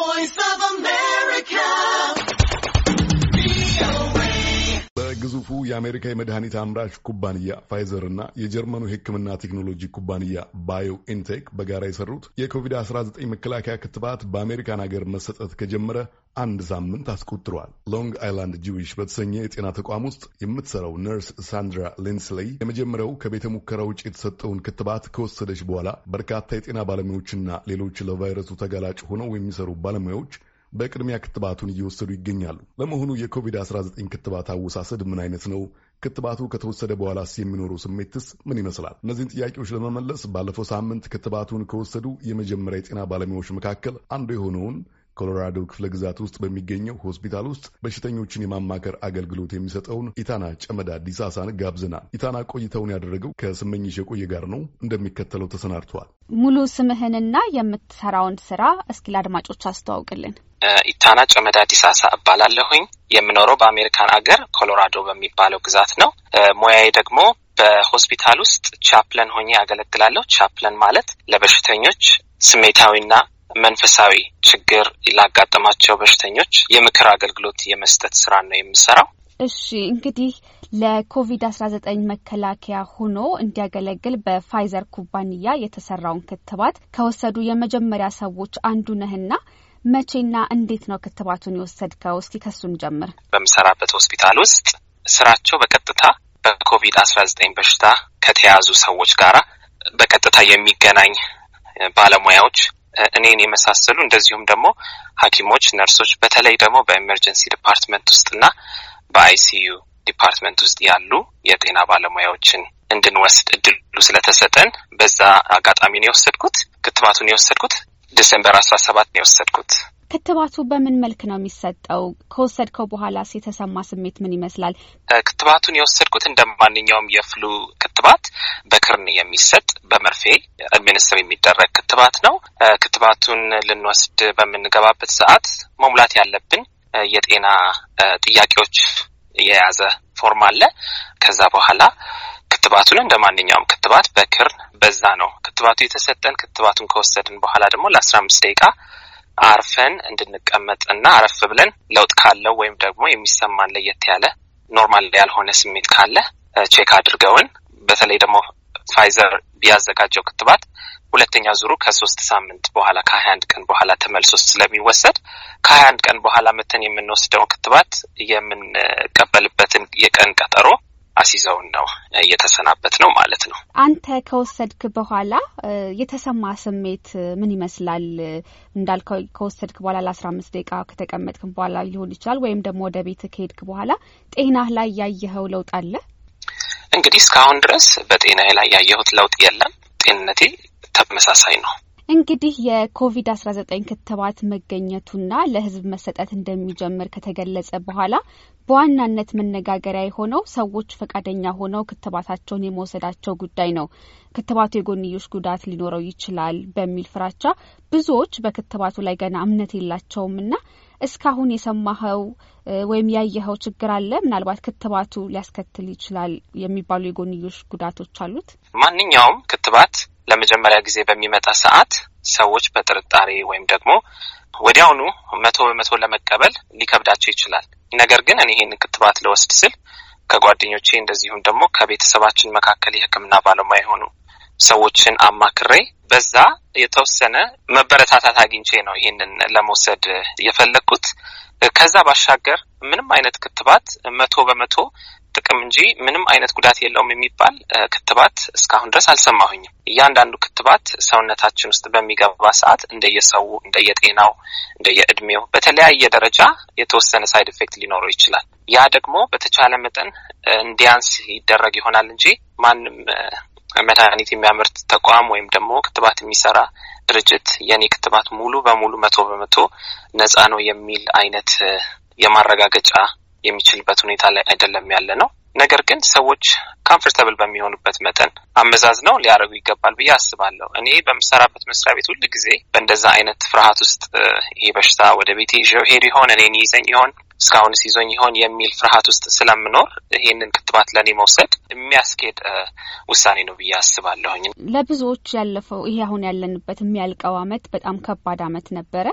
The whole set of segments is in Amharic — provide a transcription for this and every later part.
voice ግዙፉ የአሜሪካ የመድኃኒት አምራች ኩባንያ ፋይዘር ና የጀርመኑ የሕክምና ቴክኖሎጂ ኩባንያ ባዮ ኢንቴክ በጋራ የሰሩት የኮቪድ-19 መከላከያ ክትባት በአሜሪካን ሀገር መሰጠት ከጀመረ አንድ ሳምንት አስቆጥሯል። ሎንግ አይላንድ ጂዊሽ በተሰኘ የጤና ተቋም ውስጥ የምትሰራው ነርስ ሳንድራ ሌንስሌይ የመጀመሪያው ከቤተ ሙከራ ውጭ የተሰጠውን ክትባት ከወሰደች በኋላ በርካታ የጤና ባለሙያዎችና ሌሎች ለቫይረሱ ተጋላጭ ሆነው የሚሰሩ ባለሙያዎች በቅድሚያ ክትባቱን እየወሰዱ ይገኛሉ። ለመሆኑ የኮቪድ-19 ክትባት አወሳሰድ ምን አይነት ነው? ክትባቱ ከተወሰደ በኋላስ የሚኖረው ስሜትስ ምን ይመስላል? እነዚህን ጥያቄዎች ለመመለስ ባለፈው ሳምንት ክትባቱን ከወሰዱ የመጀመሪያ የጤና ባለሙያዎች መካከል አንዱ የሆነውን ኮሎራዶ ክፍለ ግዛት ውስጥ በሚገኘው ሆስፒታል ውስጥ በሽተኞችን የማማከር አገልግሎት የሚሰጠውን ኢታና ጨመዳ ዲሳሳን ጋብዘናል። ኢታና ቆይታውን ያደረገው ከስመኝሽ የቆየ ጋር ነው። እንደሚከተለው ተሰናድቷል። ሙሉ ስምህንና የምትሰራውን ስራ እስኪ ለአድማጮች አስተዋውቅልን። ኢታና ጨመዳ ዲሳሳ እባላለሁኝ። የምኖረው በአሜሪካን አገር ኮሎራዶ በሚባለው ግዛት ነው። ሙያዬ ደግሞ በሆስፒታል ውስጥ ቻፕለን ሆኜ ያገለግላለሁ። ቻፕለን ማለት ለበሽተኞች ስሜታዊና መንፈሳዊ ችግር ላጋጠማቸው በሽተኞች የምክር አገልግሎት የመስጠት ስራ ነው የምሰራው። እሺ እንግዲህ ለኮቪድ አስራ ዘጠኝ መከላከያ ሆኖ እንዲያገለግል በፋይዘር ኩባንያ የተሰራውን ክትባት ከወሰዱ የመጀመሪያ ሰዎች አንዱ ነህና መቼና እንዴት ነው ክትባቱን የወሰድከው? እስቲ ከሱን ጀምር። በምሰራበት ሆስፒታል ውስጥ ስራቸው በቀጥታ በኮቪድ አስራ ዘጠኝ በሽታ ከተያዙ ሰዎች ጋራ በቀጥታ የሚገናኝ ባለሙያዎች እኔን የመሳሰሉ እንደዚሁም ደግሞ ሐኪሞች፣ ነርሶች በተለይ ደግሞ በኤመርጀንሲ ዲፓርትመንት ውስጥና በአይሲዩ ዲፓርትመንት ውስጥ ያሉ የጤና ባለሙያዎችን እንድንወስድ እድሉ ስለተሰጠን በዛ አጋጣሚ ነው የወሰድኩት። ክትባቱን የወሰድኩት ዲሴምበር አስራ ሰባት ነው የወሰድኩት። ክትባቱ በምን መልክ ነው የሚሰጠው? ከወሰድከው በኋላ የተሰማ ስሜት ምን ይመስላል? ክትባቱን የወሰድኩት እንደ ማንኛውም የፍሉ ክትባት በክርን የሚሰጥ በመርፌ አድሚኒስትር የሚደረግ ክትባት ነው። ክትባቱን ልንወስድ በምንገባበት ሰዓት መሙላት ያለብን የጤና ጥያቄዎች የያዘ ፎርም አለ። ከዛ በኋላ ክትባቱን እንደ ማንኛውም ክትባት በክርን በዛ ነው ክትባቱ የተሰጠን። ክትባቱን ከወሰድን በኋላ ደግሞ ለአስራ አምስት ደቂቃ አርፈን እንድንቀመጥ እና አረፍ ብለን ለውጥ ካለው ወይም ደግሞ የሚሰማን ለየት ያለ ኖርማል ያልሆነ ስሜት ካለ ቼክ አድርገውን በተለይ ደግሞ ፋይዘር ያዘጋጀው ክትባት ሁለተኛ ዙሩ ከሶስት ሳምንት በኋላ ከሀያ አንድ ቀን በኋላ ተመልሶ ስለሚወሰድ ከሀያ አንድ ቀን በኋላ መተን የምንወስደው ክትባት የምንቀበልበትን የቀን ቀጠሮ አስይዘውን ነው እየተሰናበት ነው ማለት ነው። አንተ ከወሰድክ በኋላ የተሰማ ስሜት ምን ይመስላል? እንዳልከው ከወሰድክ በኋላ ለአስራ አምስት ደቂቃ ከተቀመጥክ በኋላ ሊሆን ይችላል፣ ወይም ደግሞ ወደ ቤት ከሄድክ በኋላ ጤናህ ላይ ያየኸው ለውጥ አለ? እንግዲህ እስካሁን ድረስ በጤና ላይ ያየሁት ለውጥ የለም። ጤንነቴ ተመሳሳይ ነው። እንግዲህ የኮቪድ አስራ ዘጠኝ ክትባት መገኘቱና ለሕዝብ መሰጠት እንደሚጀምር ከተገለጸ በኋላ በዋናነት መነጋገሪያ የሆነው ሰዎች ፈቃደኛ ሆነው ክትባታቸውን የመውሰዳቸው ጉዳይ ነው። ክትባቱ የጎንዮሽ ጉዳት ሊኖረው ይችላል በሚል ፍራቻ ብዙዎች በክትባቱ ላይ ገና እምነት የላቸውምና እስካሁን የሰማኸው ወይም ያየኸው ችግር አለ? ምናልባት ክትባቱ ሊያስከትል ይችላል የሚባሉ የጎንዮሽ ጉዳቶች አሉት? ማንኛውም ክትባት ለመጀመሪያ ጊዜ በሚመጣ ሰዓት ሰዎች በጥርጣሬ ወይም ደግሞ ወዲያውኑ መቶ በመቶ ለመቀበል ሊከብዳቸው ይችላል። ነገር ግን እኔ ይህን ክትባት ልወስድ ስል ከጓደኞቼ እንደዚሁም ደግሞ ከቤተሰባችን መካከል የሕክምና ባለሙያ የሆኑ ሰዎችን አማክሬ በዛ የተወሰነ መበረታታት አግኝቼ ነው ይህንን ለመውሰድ የፈለግኩት። ከዛ ባሻገር ምንም አይነት ክትባት መቶ በመቶ ጥቅም እንጂ ምንም አይነት ጉዳት የለውም የሚባል ክትባት እስካሁን ድረስ አልሰማሁኝም። እያንዳንዱ ክትባት ሰውነታችን ውስጥ በሚገባ ሰዓት እንደየሰው፣ እንደየጤናው፣ እንደየእድሜው በተለያየ ደረጃ የተወሰነ ሳይድ ኢፌክት ሊኖረው ይችላል። ያ ደግሞ በተቻለ መጠን እንዲያንስ ይደረግ ይሆናል እንጂ ማንም መድኃኒት የሚያመርት ተቋም ወይም ደግሞ ክትባት የሚሰራ ድርጅት የኔ ክትባት ሙሉ በሙሉ መቶ በመቶ ነፃ ነው የሚል አይነት የማረጋገጫ የሚችልበት ሁኔታ ላይ አይደለም ያለ ነው። ነገር ግን ሰዎች ካምፈርተብል በሚሆኑበት መጠን አመዛዝ ነው ሊያደርጉ ይገባል ብዬ አስባለሁ። እኔ በምሰራበት መስሪያ ቤት ሁል ጊዜ በእንደዛ አይነት ፍርሃት ውስጥ ይሄ በሽታ ወደ ቤት ይዤው ሄድ ይሆን እኔን ይዘኝ ይሆን እስካሁን ሲዞኝ ይሆን የሚል ፍርሃት ውስጥ ስለምኖር ይሄንን ክትባት ለእኔ መውሰድ የሚያስኬድ ውሳኔ ነው ብዬ አስባለሁኝ። ለብዙዎች ያለፈው ይሄ አሁን ያለንበት የሚያልቀው አመት በጣም ከባድ አመት ነበረ።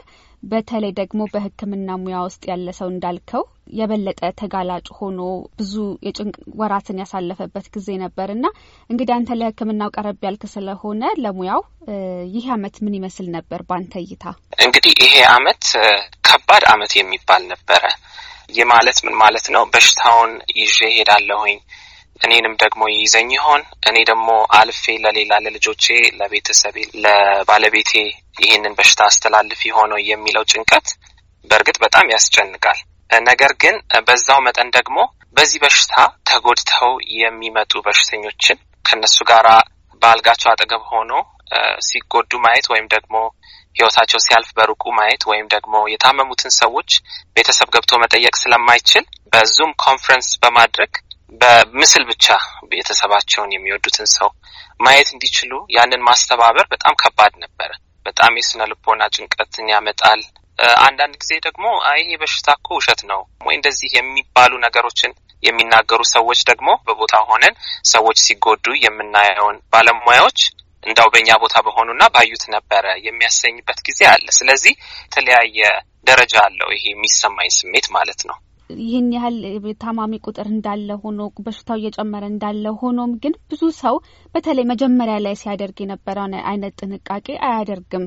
በተለይ ደግሞ በሕክምና ሙያ ውስጥ ያለ ሰው እንዳልከው የበለጠ ተጋላጭ ሆኖ ብዙ የጭንቅ ወራትን ያሳለፈበት ጊዜ ነበር እና እንግዲህ አንተ ለሕክምናው ቀረብ ያልክ ስለሆነ ለሙያው ይህ አመት ምን ይመስል ነበር በአንተ እይታ? እንግዲህ ይሄ አመት ከባድ አመት የሚባል ነበረ። ይህ ማለት ምን ማለት ነው? በሽታውን ይዤ ሄዳለሁኝ እኔንም ደግሞ ይይዘኝ ይሆን? እኔ ደግሞ አልፌ ለሌላ ለልጆቼ፣ ለቤተሰቤ፣ ለባለቤቴ ይህንን በሽታ አስተላልፍ ይሆን የሚለው ጭንቀት በእርግጥ በጣም ያስጨንቃል። ነገር ግን በዛው መጠን ደግሞ በዚህ በሽታ ተጎድተው የሚመጡ በሽተኞችን ከነሱ ጋር በአልጋቸው አጠገብ ሆኖ ሲጎዱ ማየት ወይም ደግሞ ሕይወታቸው ሲያልፍ በሩቁ ማየት ወይም ደግሞ የታመሙትን ሰዎች ቤተሰብ ገብቶ መጠየቅ ስለማይችል በዙም ኮንፈረንስ በማድረግ በምስል ብቻ ቤተሰባቸውን የሚወዱትን ሰው ማየት እንዲችሉ ያንን ማስተባበር በጣም ከባድ ነበረ። በጣም የስነ ልቦና ጭንቀትን ያመጣል። አንዳንድ ጊዜ ደግሞ ይሄ በሽታ እኮ ውሸት ነው ወይ እንደዚህ የሚባሉ ነገሮችን የሚናገሩ ሰዎች ደግሞ በቦታ ሆነን ሰዎች ሲጎዱ የምናየውን ባለሙያዎች እንዳው በእኛ ቦታ በሆኑና ባዩት ነበረ የሚያሰኝበት ጊዜ አለ። ስለዚህ የተለያየ ደረጃ አለው ይሄ የሚሰማኝ ስሜት ማለት ነው። ይህን ያህል ታማሚ ቁጥር እንዳለ ሆኖ በሽታው እየጨመረ እንዳለ ሆኖም ግን ብዙ ሰው በተለይ መጀመሪያ ላይ ሲያደርግ የነበረውን አይነት ጥንቃቄ አያደርግም።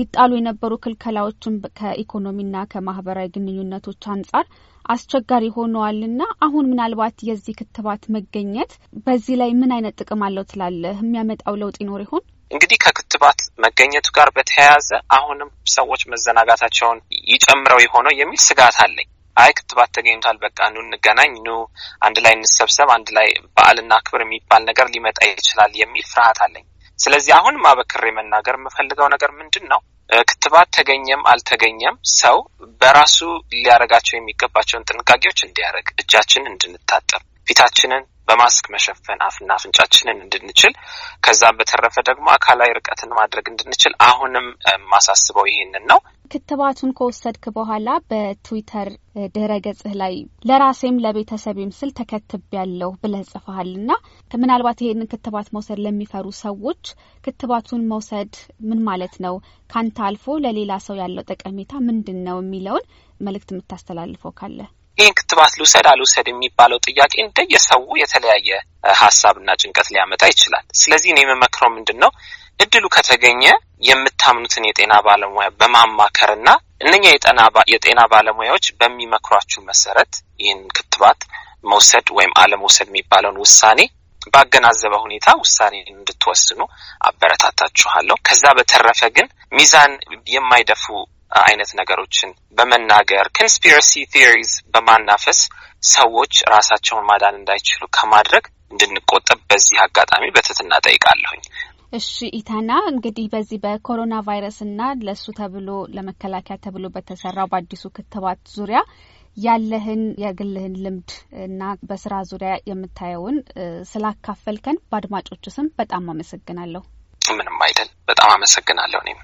ይጣሉ የነበሩ ክልከላዎችን ከኢኮኖሚና ከማህበራዊ ግንኙነቶች አንጻር አስቸጋሪ ሆነዋልና አሁን ምናልባት የዚህ ክትባት መገኘት በዚህ ላይ ምን አይነት ጥቅም አለው ትላለህ? የሚያመጣው ለውጥ ይኖር ይሆን? እንግዲህ ከክትባት መገኘቱ ጋር በተያያዘ አሁንም ሰዎች መዘናጋታቸውን ይጨምረው የሆነው የሚል ስጋት አለኝ። አይ ክትባት ተገኝቷል፣ በቃ ኑ እንገናኝ፣ ኑ አንድ ላይ እንሰብሰብ፣ አንድ ላይ በዓልና ክብር የሚባል ነገር ሊመጣ ይችላል የሚል ፍርሃት አለኝ። ስለዚህ አሁን ማበክሬ መናገር የምፈልገው ነገር ምንድን ነው? ክትባት ተገኘም አልተገኘም ሰው በራሱ ሊያደርጋቸው የሚገባቸውን ጥንቃቄዎች እንዲያደርግ፣ እጃችን እንድንታጠብ ፊታችንን በማስክ መሸፈን አፍና አፍንጫችንን እንድንችል ከዛ በተረፈ ደግሞ አካላዊ ርቀትን ማድረግ እንድንችል አሁንም ማሳስበው ይሄንን ነው። ክትባቱን ከወሰድክ በኋላ በትዊተር ድህረ ገጽህ ላይ ለራሴም ለቤተሰቤም ስል ያለው ብለህ ጽፈሃል እና ምናልባት ይሄንን ክትባት መውሰድ ለሚፈሩ ሰዎች ክትባቱን መውሰድ ምን ማለት ነው፣ ካንተ አልፎ ለሌላ ሰው ያለው ጠቀሜታ ምንድን ነው የሚለውን መልእክት የምታስተላልፈው ካለ ይህን ክትባት ልውሰድ አልውሰድ የሚባለው ጥያቄ እንደየሰው የተለያየ ሀሳብና ጭንቀት ሊያመጣ ይችላል። ስለዚህ እኔ የምመክረው ምንድን ነው እድሉ ከተገኘ የምታምኑትን የጤና ባለሙያ በማማከርና እነኛ የጤና ባለሙያዎች በሚመክሯችሁ መሰረት ይህን ክትባት መውሰድ ወይም አለመውሰድ የሚባለውን ውሳኔ ባገናዘበ ሁኔታ ውሳኔ እንድትወስኑ አበረታታችኋለሁ። ከዛ በተረፈ ግን ሚዛን የማይደፉ አይነት ነገሮችን በመናገር ኮንስፒረሲ ቲዮሪዝ በማናፈስ ሰዎች ራሳቸውን ማዳን እንዳይችሉ ከማድረግ እንድንቆጠብ በዚህ አጋጣሚ በትህትና ጠይቃለሁኝ። እሺ ኢታና፣ እንግዲህ በዚህ በኮሮና ቫይረስና ለሱ ተብሎ ለመከላከያ ተብሎ በተሰራው በአዲሱ ክትባት ዙሪያ ያለህን የግልህን ልምድ እና በስራ ዙሪያ የምታየውን ስላካፈልከን በአድማጮቹ ስም በጣም አመሰግናለሁ። ምንም አይደል። በጣም አመሰግናለሁ እኔም